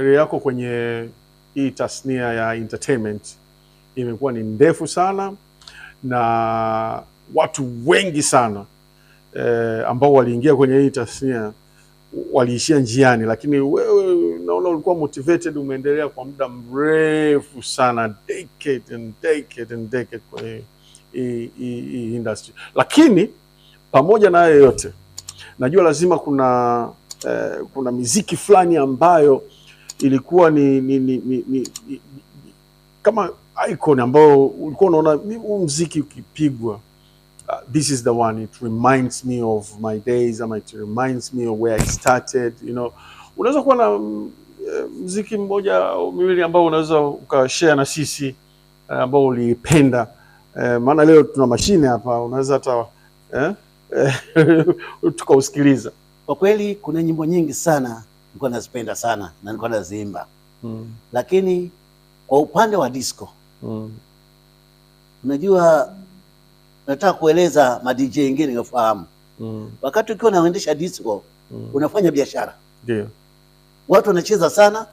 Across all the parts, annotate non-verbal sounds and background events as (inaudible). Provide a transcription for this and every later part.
Career yako kwenye hii tasnia ya entertainment imekuwa ni ndefu sana na watu wengi sana eh, ambao waliingia kwenye hii tasnia waliishia njiani, lakini wewe naona ulikuwa motivated, umeendelea kwa muda mrefu sana, decade and decade and decade kwenye hii, hii industry. Lakini pamoja na hayo yote, najua lazima kuna eh, kuna miziki fulani ambayo ilikuwa ni, ni, ni, ni, ni, ni kama icon ambayo ulikuwa unaona huu mziki ukipigwa uh, this is the one it reminds me of my days ama it reminds me of where I started you know unaweza kuwa na mziki mm, eh, mmoja au miwili ambao unaweza ukashare na sisi eh, ambao uliipenda eh, maana leo tuna mashine hapa unaweza hata eh, (laughs) tukausikiliza kwa kweli kuna nyimbo nyingi sana nilikuwa nazipenda sana na nilikuwa naziimba mm. Lakini kwa upande wa disco mm. Unajua, nataka kueleza ma DJ wengine wafahamu mm. Wakati ukiwa unaendesha disco mm. unafanya biashara ndio, watu wanacheza sana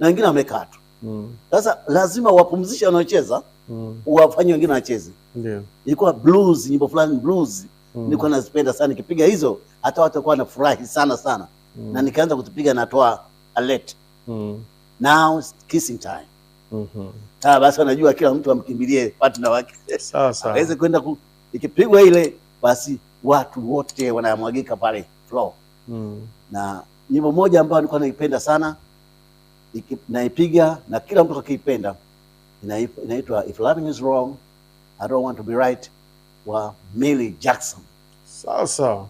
na wengine wamekaa tu mm. sasa mm. lazima wapumzishe wanaocheza mm. wafanye wengine wacheze. Ndio ilikuwa blues, nyimbo fulani blues mm. nilikuwa nazipenda sana, nikipiga hizo hata watu walikuwa wanafurahi sana sana mm. na nikaanza kutupiga natoa alert mm. now kissing time mm -hmm. Sawa ah, basi, wanajua kila mtu amkimbilie partner wake sasa aweze kwenda ku, ikipigwa ile basi watu wote wanamwagika pale floor mm. na nyimbo moja ambayo nilikuwa naipenda sana naipiga na kila mtu akiipenda inaitwa If Loving Is Wrong I Don't Want To Be Right wa Millie Jackson. sasa